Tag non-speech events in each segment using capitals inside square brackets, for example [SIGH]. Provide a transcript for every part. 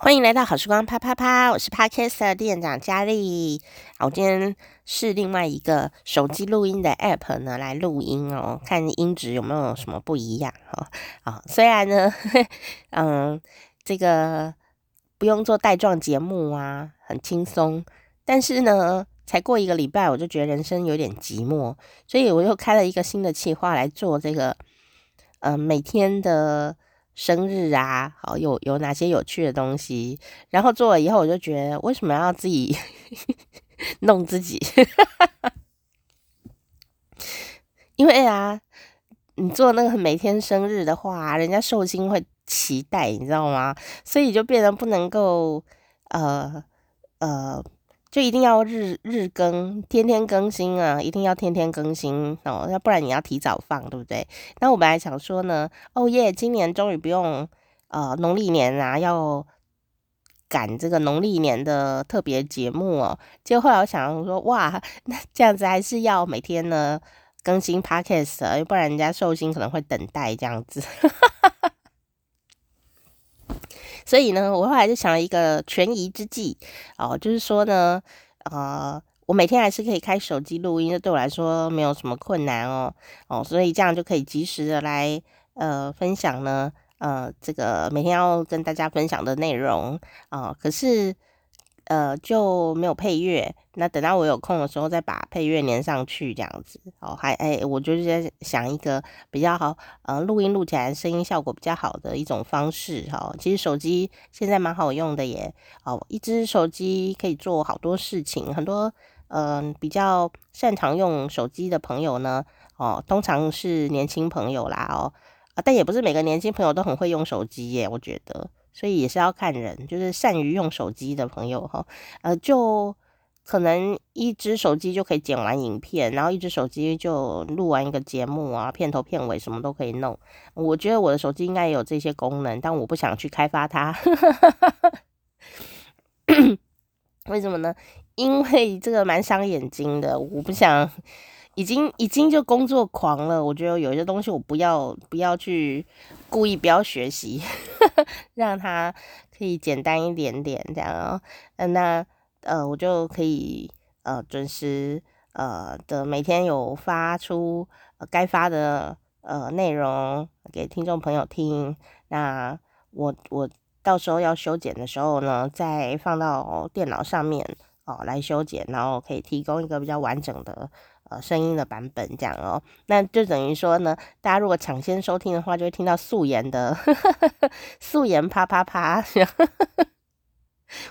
歡迎來到好時光啪啪啪，我是 Podcast 店長佳麗、啊。我今天試另外一個手機錄音的 App 呢來錄音哦，看音質有沒有什麼不一樣哈。啊、哦，雖然呢，嗯，這個不用做帶狀節目啊，很輕鬆，但是呢，才過一個禮拜，我就覺得人生有點寂寞，所以我又開了一個新的企劃來做這個，嗯，每天的。生日啊，好，有有哪些有趣的東西？然後做了以後，我就覺得為什麼要自己 [LAUGHS] 弄自己？ [LAUGHS] 因為啊，你做那個每天生日的話、啊，人家壽星會期待，你知道嗎？所以就變得不能夠呃呃。呃就一定要日日更，天天更新啊！一定要天天更新哦，要不然你要提早放，對不對？那我本來想說呢，哦耶，今年終於不用呃農曆年啊，要趕這個農曆年的特別節目哦。結果後來我想說，哇，那這樣子還是要每天呢更新 podcast，要不然人家壽星可能會等待這樣子。 [LAUGHS] 所以呢，我後來就想了一個權宜之計，哦，就是說呢，呃，我每天還是可以開手機錄音，這對我來說沒有什麼困難哦，哦，所以這樣就可以及時的來呃分享呢，呃，這個每天要跟大家分享的內容啊，呃，可是。呃，就沒有配樂，那等到我有空的時候再把配樂連上去，這樣子。哦，還哎、欸，我就是在想一個比較好，呃，錄音錄起來聲音效果比較好的一種方式。哦，其實手機現在蠻好用的耶。哦，一支手機可以做好多事情，很多，嗯、呃，比較擅長用手機的朋友呢，哦，通常是年輕朋友啦。哦，啊，但也不是每個年輕朋友都很會用手機耶，我覺得。所以也是要看人，就是善於用手機的朋友哈，呃，就可能一隻手機就可以剪完影片，然後一隻手機就錄完一個節目啊，片頭片尾什麼都可以弄。我覺得我的手機應該有這些功能，但我不想去開發它， [LAUGHS] [COUGHS] 為什麼呢？因為這個蠻傷眼睛的，我不想。已經已經就工作狂了，我覺得有些東西我不要不要去故意不要學習，呵呵讓它可以簡單一點點這樣哦。嗯，那呃我就可以呃準時呃的每天有發出、呃、該發的呃內容給聽眾朋友聽。那我我到時候要修剪的時候呢，再放到、哦、電腦上面哦來修剪，然後可以提供一個比較完整的。呃，聲音的版本這樣哦，那就等於說呢，大家如果搶先收聽的話，就會聽到素顏的呵呵素顏啪啪啪，啪呵呵。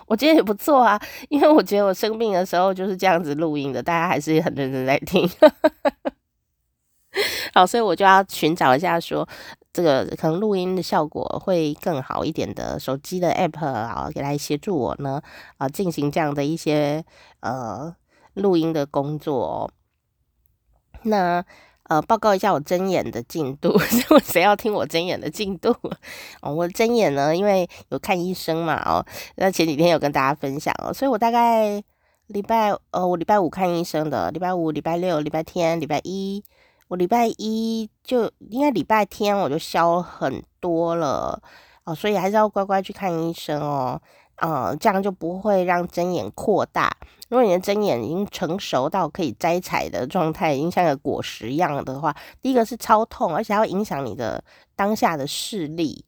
我覺得也不錯啊，因為我覺得我生病的時候就是這樣子錄音的，大家還是很認真在聽呵呵。好，所以我就要尋找一下說，說這個可能錄音的效果會更好一點的手機的 app 啊，來協助我呢啊、呃，進行這樣的一些呃錄音的工作、哦。那呃，報告一下我針眼的進度，我 [LAUGHS] 誰要聽我針眼的進度？哦，我針眼呢，因為有看醫生嘛，哦，那前幾天有跟大家分享哦，所以我大概禮拜呃，我禮拜五看醫生的，禮拜五、禮拜六、禮拜天、禮拜一，我禮拜一就應該禮拜天我就消很多了哦，所以還是要乖乖去看醫生哦，呃，這樣就不會讓針眼擴大。如果你的針眼已經成熟到可以摘採的狀態，已經像個果實一樣的話，第一個是超痛，而且它會影響你的當下的視力，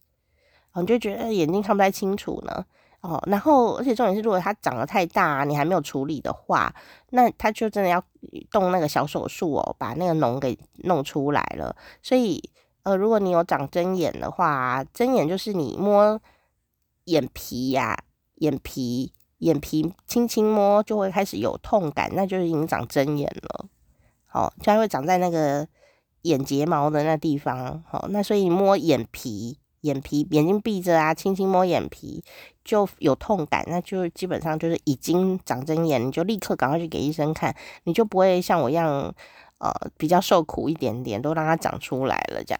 哦，你就覺得眼睛看不太清楚呢。哦，然後而且重點是，如果它長得太大，啊，你還沒有處理的話，那它就真的要動那個小手術哦，把那個膿給弄出來了。所以，呃，如果你有長針眼的話，針眼就是你摸眼皮呀，啊，眼皮，眼皮輕輕摸就會開始有痛感，那就是已經長針眼了。好，它會長在那個眼睫毛的那地方。好，那所以摸眼皮，眼皮眼睛閉着啊，輕輕摸眼皮就有痛感，那就基本上就是已經長針眼，你就立刻趕快去給醫生看，你就不會像我一樣，呃，比較受苦一點點，都讓它長出來了這樣。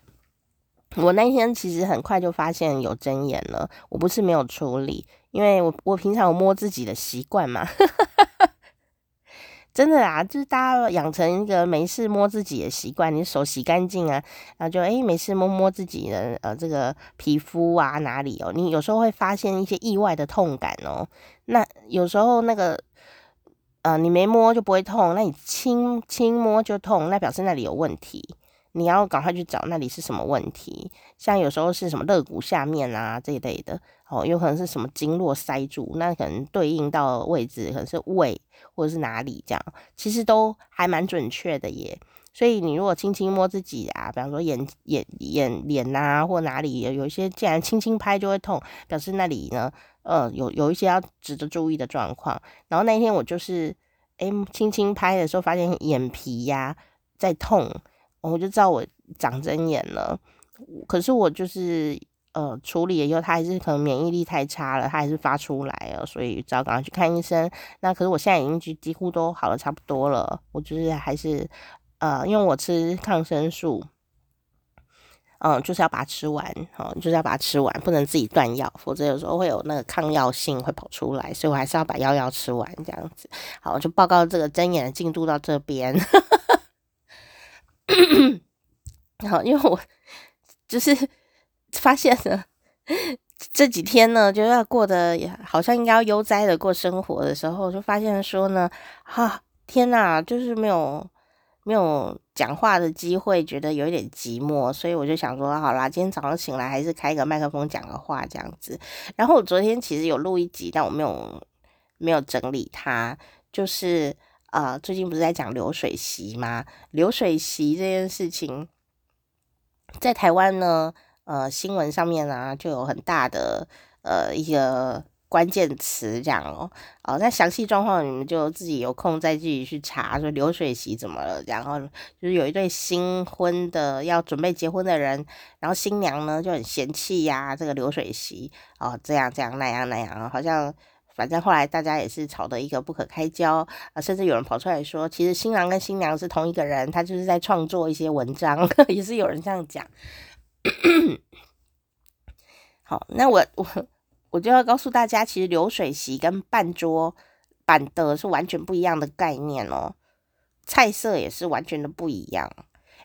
我那天其實很快就發現有針眼了，我不是沒有處理。因為我我平常有摸自己的習慣嘛，哈哈哈，真的啦、啊，就是大家養成一個沒事摸自己的習慣。你手洗乾淨啊，然後就哎、欸、沒事摸摸自己的呃這個皮膚啊哪裡哦，你有時候會發現一些意外的痛感哦。那有時候那個呃你沒摸就不會痛，那你輕輕摸就痛，那表示那裡有問題，你要趕快去找那裡是什麼問題。像有時候是什麼肋骨下面啊這一類的。哦，有可能是什麼經絡塞住，那可能對應到的位置可能是胃或者是哪裡這樣，其實都還蠻準確的耶。所以你如果輕輕摸自己啊，比方說眼眼眼臉吶、啊，或哪裡有一些，既然輕輕拍就會痛，表示那裡呢，呃，有有一些要值得注意的狀況。然後那一天我就是，哎、欸，輕輕拍的時候發現眼皮呀、啊、在痛、哦，我就知道我長針眼了。可是我就是。呃、嗯，處理了以後，他還是可能免疫力太差了，他還是發出來了。所以只要趕快去看醫生。那可是我現在已經幾乎都好了差不多了，我就是還是呃，因為我吃抗生素，嗯，就是要把它吃完，好，嗯，就是要把它吃完，不能自己斷藥，否則有時候會有那個抗藥性會跑出來。所以我還是要把藥藥吃完這樣子。好，我就報告這個針眼的進度到這邊。 [LAUGHS] 好，因為我就是。發現了這幾天呢，就要過得好像應該要悠哉的過生活的時候，就發現說呢，哈、啊，天吶，就是沒有沒有講話的機會，覺得有一點寂寞，所以我就想說，好啦，今天早上醒來還是開一個麥克風講個話這樣子。然後我昨天其實有錄一集，但我沒有沒有整理它，就是啊、呃，最近不是在講流水席嗎？流水席這件事情在台灣呢。呃，新聞上面啊，就有很大的呃一個關鍵詞這樣哦、喔。哦那詳細狀況你們就自己有空再自己去查，說流水席怎麼了？然後就是有一對新婚的要準備結婚的人，然後新娘呢就很嫌棄呀、啊、這個流水席哦、喔，這樣這樣那樣那樣、喔，好像反正後來大家也是吵得一個不可開交啊、呃，甚至有人跑出來說，其實新郎跟新娘是同一個人，他就是在創作一些文章呵呵，也是有人這樣講。 [COUGHS] 好，那我我我就要告訴大家，其實流水席跟辦桌板的是完全不一樣的概念哦，菜色也是完全的不一樣。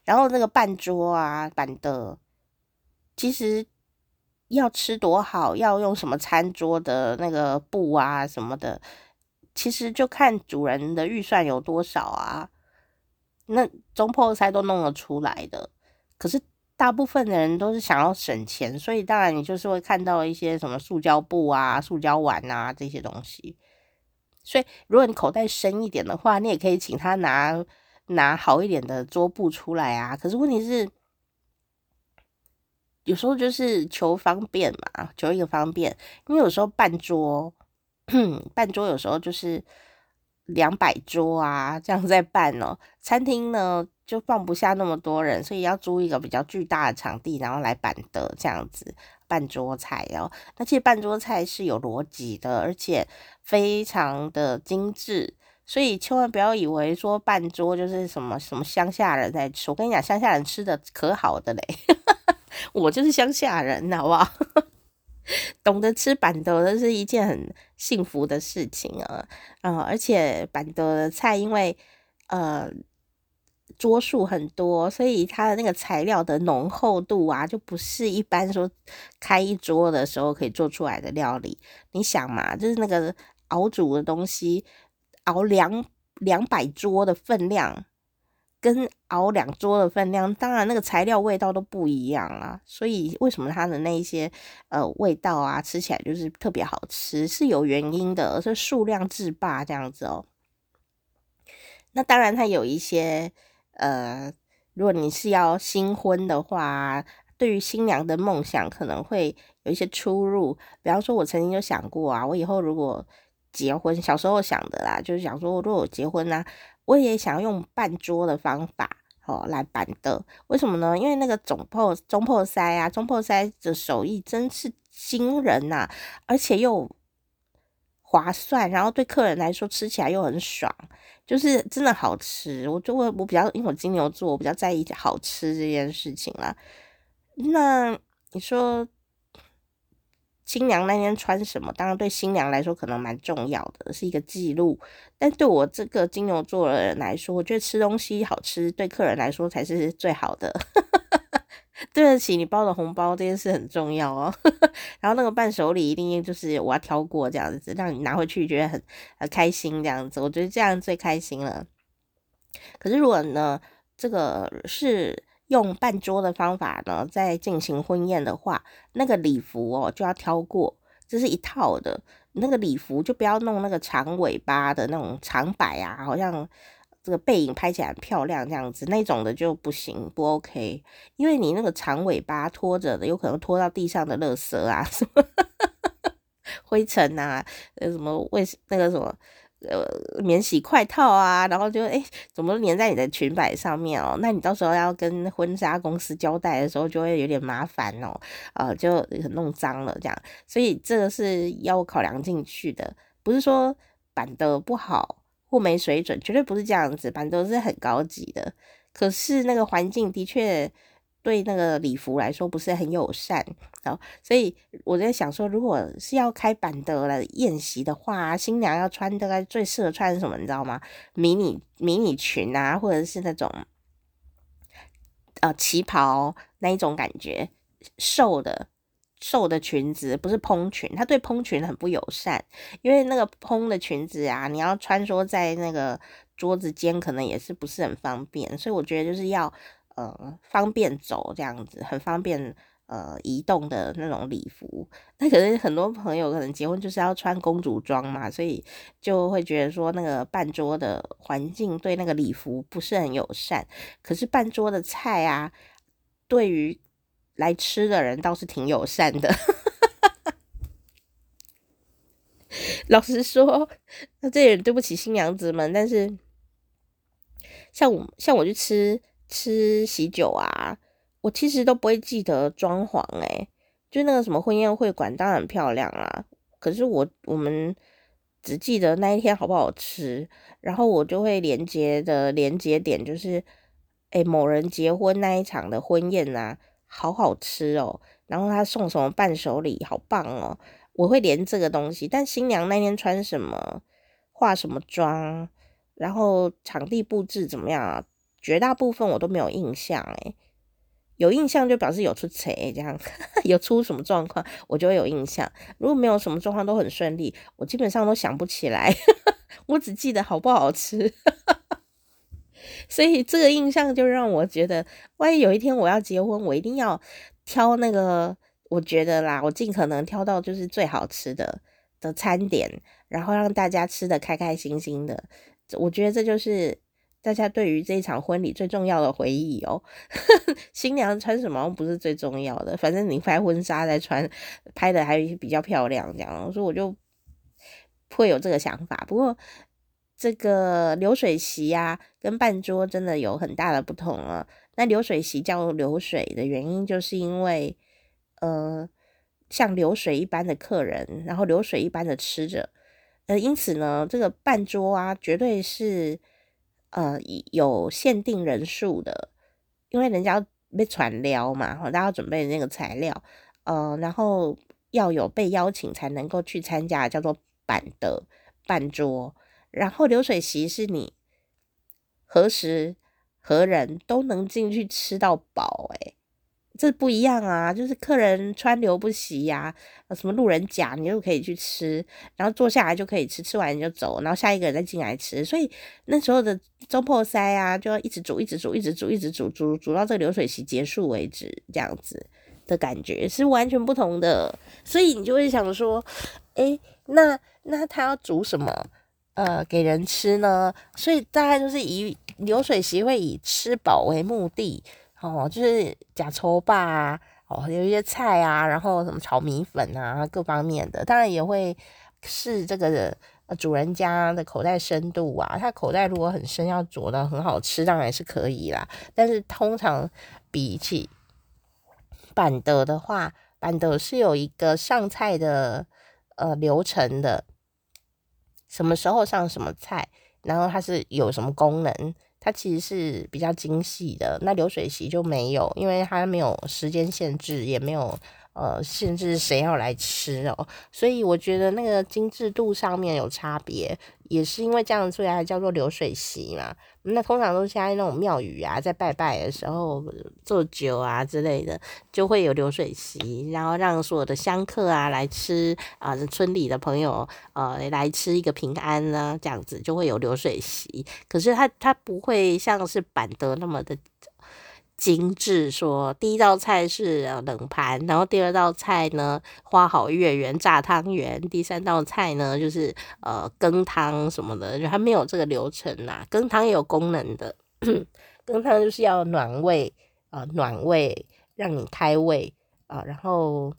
然後那個辦桌啊板的，其實要吃多好，要用什麼餐桌的那個布啊什麼的，其實就看主人的預算有多少啊。那中破菜都弄得出來的，可是。大部分的人都是想要省錢，所以當然你就是會看到一些什麼塑膠布啊、塑膠碗啊這些東西。所以如果你口袋深一點的話，你也可以請他拿拿好一點的桌布出來啊。可是問題是，有時候就是求方便嘛，求一個方便，因為有時候辦桌，辦桌有時候就是兩百桌啊，這樣在辦哦、喔，餐廳呢，就放不下那麼多人，所以要租一個比較巨大的場地，然後來辦桌這樣子辦桌菜哦。那其實辦桌菜是有邏輯的，而且非常的精緻，所以千萬不要以為說辦桌就是什麼什麼鄉下人在吃。我跟你講，鄉下人吃的可好的嘞， [LAUGHS] 我就是鄉下人，好不好？ [LAUGHS] 懂得吃辦桌的是一件很幸福的事情啊，啊、呃！而且辦桌的菜因為呃。桌數很多，所以它的那個材料的濃厚度啊，就不是一般說開一桌的時候可以做出來的料理。你想嘛，就是那個熬煮的東西，熬兩兩百桌的分量，跟熬兩桌的分量，當然那個材料味道都不一樣啊。所以為什麼它的那些呃味道啊，吃起來就是特別好吃，是有原因的，是數量制霸這樣子哦、喔。那當然，它有一些。呃，如果你是要新婚的話，對於新娘的夢想可能會有一些出入。比方說，我曾經就想過啊，我以後如果結婚，小時候想的啦，就是想說，如果我結婚呢、啊，我也想要用辦桌的方法哦來辦的。為什麼呢？因為那個總舖、總舖師啊，總舖師的手藝真是驚人吶、啊，而且又。划算，然後對客人來說吃起來又很爽，就是真的好吃。我就會我比較因為我金牛座，我比較在意好吃這件事情啦。那你說新娘那天穿什麼？當然對新娘來說可能蠻重要的，是一個記錄。但對我這個金牛座的人來說，我覺得吃東西好吃對客人來說才是最好的。 [LAUGHS] 對得起你包的紅包這件事很重要哦呵呵，然後那個伴手禮一定就是我要挑過這樣子，讓你拿回去覺得很很開心這樣子，我覺得這樣最開心了。可是如果呢，這個是用辦桌的方法呢，在進行婚宴的話，那個禮服哦就要挑過，這是一套的，那個禮服就不要弄那個長尾巴的那種長擺啊，好像。這個背影拍起來很漂亮，這樣子那種的就不行、不 OK，因為你那個長尾巴拖着的，有可能拖到地上的垃圾啊，什麼 [LAUGHS] 灰塵啊，呃什麼衛那個什麼呃免洗筷套啊，然後就哎怎麼粘在你的裙擺上面哦？那你到時候要跟婚紗公司交代的時候就會有點麻煩哦，啊、呃、就很弄髒了這樣，所以這個是要考量進去的，不是說版的不好。不沒水準，絕對不是這樣子，反正都是很高級的。可是那個環境的確對那個禮服來說不是很友善，然後所以我在想說，如果是要開辦桌來宴席的話，新娘要穿大概最適合穿什麼？你知道嗎？迷你迷你裙啊，或者是那種呃旗袍那一種感覺，瘦的。瘦的裙子不是蓬裙，它對蓬裙很不友善，因為那個蓬的裙子啊，你要穿梭在那個桌子間，可能也是不是很方便，所以我覺得就是要呃方便走這樣子，很方便呃移動的那種禮服。那可是很多朋友可能結婚就是要穿公主裝嘛，所以就會覺得說那個辦桌的環境對那個禮服不是很友善，可是辦桌的菜啊，對於來吃的人倒是挺友善的， [LAUGHS] 老實說，那這也對不起新娘子們。但是，像我像我去吃吃喜酒啊，我其實都不會記得裝潢誒、欸、就那個什麼婚宴會館當然很漂亮啊，可是我我們只記得那一天好不好吃。然後我就會連接的連接點就是，誒、欸、某人結婚那一場的婚宴啊。好好吃哦，然後他送什麼伴手禮，好棒哦！我會連這個東西。但新娘那天穿什麼，化什麼妝，然後場地佈置怎麼樣啊，絕大部分我都沒有印象。誒，有印象就表示有出彩，這樣，呵呵，有出什麼狀況，我就會有印象。如果沒有什麼狀況，都很順利，我基本上都想不起來。呵呵，我只記得好不好吃。所以這個印象就讓我覺得，萬一有一天我要結婚，我一定要挑那個，我覺得啦，我盡可能挑到就是最好吃的的餐點，然後讓大家吃得開開心心的。我覺得這就是大家對於這一場婚禮最重要的回憶哦。 [LAUGHS] 新娘穿什麼不是最重要的，反正你拍婚紗再穿，拍得還比較漂亮這樣，所以我就會有這個想法。不過。這個流水席啊，跟辦桌真的有很大的不同啊。那流水席叫流水的原因，就是因為，呃，像流水一般的客人，然後流水一般的吃着，呃，因此呢，這個辦桌啊，絕對是呃有限定人數的，因為人家被傳撩嘛，大家要準備那個材料，呃，然後要有被邀請才能夠去參加，叫做辦的辦桌。然後流水席是你何時何人都能進去吃到飽。欸，哎，這不一樣啊！就是客人川流不息呀，啊，什麼路人甲你就可以去吃，然後坐下來就可以吃，吃完你就走，然後下一個人再進來吃。所以那時候的總舖師啊，就要一直煮，一直煮，一直煮，一直煮，一直煮，煮到這個流水席結束為止，這樣子的感覺是完全不同的。所以你就會想說，哎，那那他要煮什麼？嗯呃，給人吃呢，所以大概就是以流水席會以吃飽為目的，哦，就是呷粗飽，哦，有一些菜啊，然後什麼炒米粉啊，各方面的，當然也會視這個的主人家的口袋深度啊，他口袋如果很深，要煮的很好吃，當然是可以啦。但是通常比起辦桌的話，辦桌是有一個上菜的呃流程的。什麼時候上什麼菜，然後它是有什麼功能，它其實是比較精細的。那流水席就沒有，因為它沒有時間限制，也沒有呃限制誰要來吃哦，所以我覺得那個精緻度上面有差別。也是因為這樣出來叫做流水席嘛，那通常都是在那種廟宇啊，在拜拜的時候做酒啊之類的，就會有流水席，然後讓所有的香客啊來吃啊、呃，村裡的朋友呃來吃一個平安呢、啊，這樣子就會有流水席。可是他他不會像是辦桌那麼的。精緻說，第一道菜是冷盤，然後第二道菜呢，花好月圓炸湯圓，第三道菜呢就是呃羹湯什麼的，就還沒有這個流程吶。羹湯也有功能的， [COUGHS] 羹湯就是要暖胃啊、呃，暖胃讓你開胃啊、呃，然後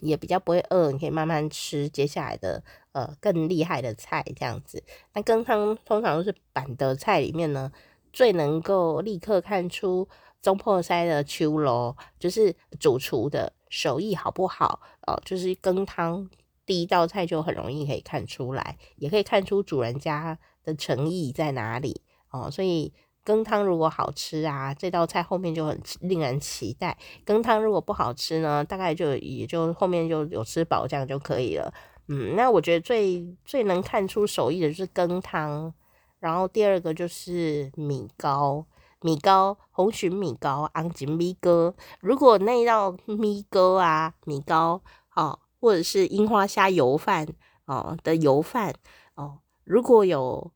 也比較不會餓，你可以慢慢吃接下來的呃更厲害的菜這樣子。那羹湯通常都是辦桌菜裡面呢，最能夠立刻看出總舖師的手路，就是主廚的手藝好不好哦、呃，就是羹湯第一道菜就很容易可以看出來，也可以看出主人家的誠意在哪裡哦、呃。所以羹湯如果好吃啊，這道菜後面就很令人期待；羹湯如果不好吃呢，大概就也就後面就有吃飽這樣就可以了。嗯，那我覺得最最能看出手藝的就是羹湯。然後第二個就是米糕，米糕、紅蟳米糕、安吉米糕。如果那道米糕啊、米糕哦，或者是櫻花蝦油飯哦的油飯哦，如果有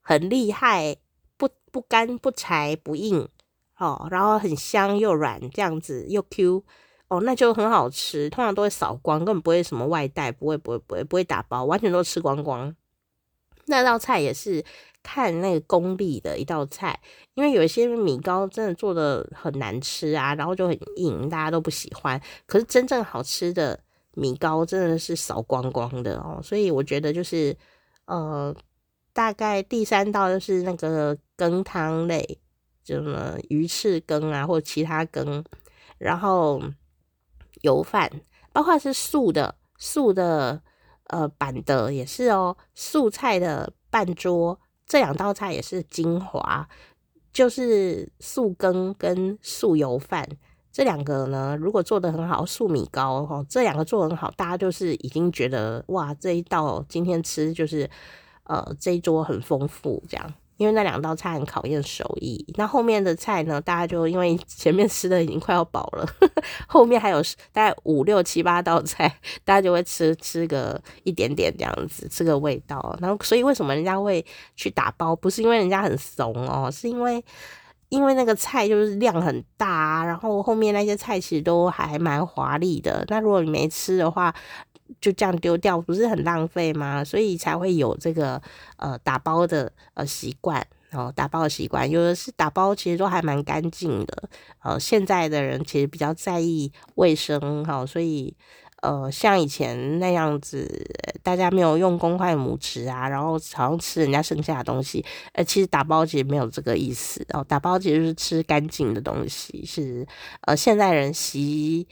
很厲害、不不乾不柴不硬哦，然後很香又軟這樣子又 Q 哦，那就很好吃。通常都會掃光，根本不會什麼外帶，不會不會不會不會打包，完全都吃光光。那道菜也是看那個功力的一道菜，因為有一些米糕真的做得很難吃啊，然後就很硬，大家都不喜歡。可是真正好吃的米糕真的是掃光光的哦、喔，所以我覺得就是呃，大概第三道就是那個羹湯類，就什麼魚翅羹啊，或其他羹，然後油飯，包括是素的素的。呃，辦的也是哦，素菜的辦桌，這兩道菜也是精華，就是素羹跟素油飯這兩個呢，如果做得很好，素米糕、哦、這兩個做得很好，大家就是已經覺得哇，這一道今天吃就是呃，這一桌很豐富這樣。因為那兩道菜很考驗手藝，那後面的菜呢？大家就因為前面吃的已經快要飽了，呵呵，後面還有大概五六七八道菜，大家就會吃吃個一點點這樣子，吃個味道。然後，所以為什麼人家會去打包？不是因為人家很慫哦，是因為因為那個菜就是量很大，然後後面那些菜其實都還蠻華麗的。那如果你沒吃的話，就這樣丟掉不是很浪費嗎？所以才會有這個呃打包的呃習慣，然後、哦、打包的習慣，有的是打包其實都還蠻乾淨的。呃，現在的人其實比較在意衛生哈、哦，所以呃像以前那樣子，大家沒有用公筷母匙啊，然後好像吃人家剩下的東西，呃，其實打包其實沒有這個意思，哦，打包其實是吃乾淨的東西，是呃現在人習。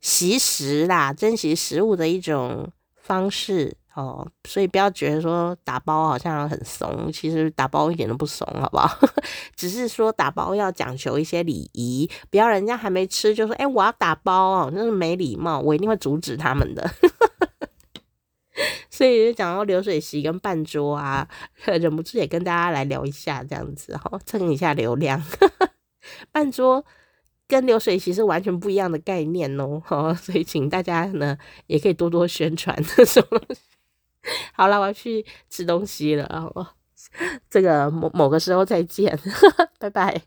食啦，珍惜食物的一種方式哦，所以不要覺得說打包好像很慫，其實打包一點都不慫，好不好？ [LAUGHS] 只是說打包要講求一些禮儀，不要人家還沒吃就說“哎、欸，我要打包哦”，那是沒禮貌，我一定會阻止他們的。 [LAUGHS] 所以就講到流水席跟辦桌啊，忍不住也跟大家來聊一下，這樣子好蹭一下流量。辦 [LAUGHS] 桌。跟流水席是完全不一樣的概念哦，哦，所以請大家呢也可以多多宣傳什麼東西。好了，我要去吃東西了啊，哦，這個某某個時候再見，呵呵拜拜。